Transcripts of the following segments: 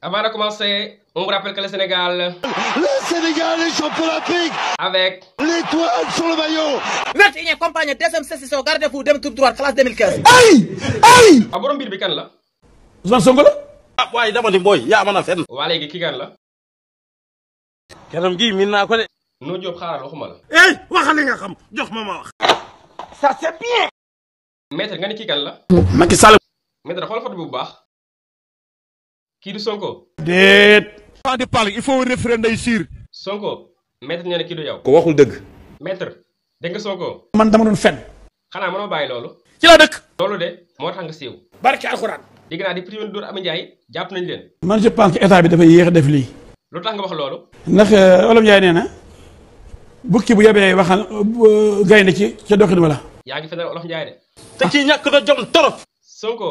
Avant de commencer, on vous rappelle que le Sénégal... Le Sénégal est champion olympique Avec... L'étoile sur le maillot une compagnie, deuxième session, gardez-vous, deuxième tour classe 2015. Aïe Aïe ah borom bi kan ah ouais, d'abord il y a ki kan la min ko Nous nous waxuma la eh, nga xam jox ça c'est bien maître qui ni kan la Macky Sall maître bu kii du Sonko. déet. di parle il faut référendum sur. Sonko maître nee na kii du yow. ko waxul dëgg. metre dégg nga Sonko. man dama doon fen. xanaa mënoo bàyyi loolu. ci laa dëkk. loolu de moo tax nga siiw. barke alxuraan. dégg naa di premier Dóor Ami Ndiaye jàpp nañ leen. man je pense que état bi dafay yéex a def lii. lu tax nga wax loolu. ndax euh, Olof Ndiaye nee na bukki bu yebee waxal euh, euh, gaynde ci ca doxin wala. yaa ngi feneen Olof Ndiaye de. Ah. te kii ñàkk na jom torop. Sonko.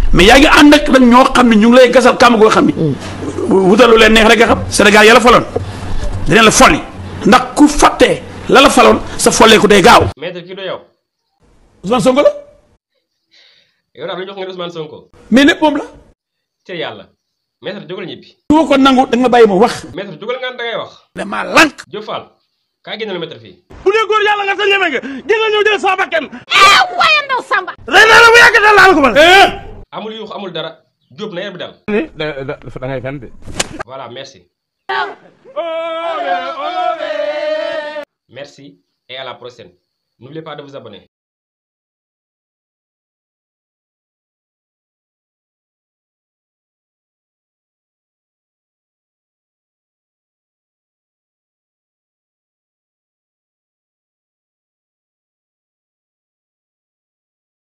mais yaa and ak ño xamni ñu ngi lay gassal kam go xamni mm. wutalu len neex rek xam Sénégal yàlla falon dinañ la foli ndax ku fàttee la la falon sa folleeku day gaaw. maître ki do yow. Ousmane Sonko la. yow daal lu jox nga Ousmane Sonko. mais nepp mom la. te yalla maître jogal ñibi du ko nangu da nga bàyyi ma wax. maître jogal nga da ngay wax. dama ma lank Fall kaa génne maître fi bu dee gor yalla nga sa ñeme nga gënal ñu jël sa bakkan. eh waye ndaw Samba. ren la bu yàgg daal ko man. amul yuux amul dara Diop na yar bi dal. da da fen de. voilà merci. merci et à la prochaine n'oubliez pas de vous abonner.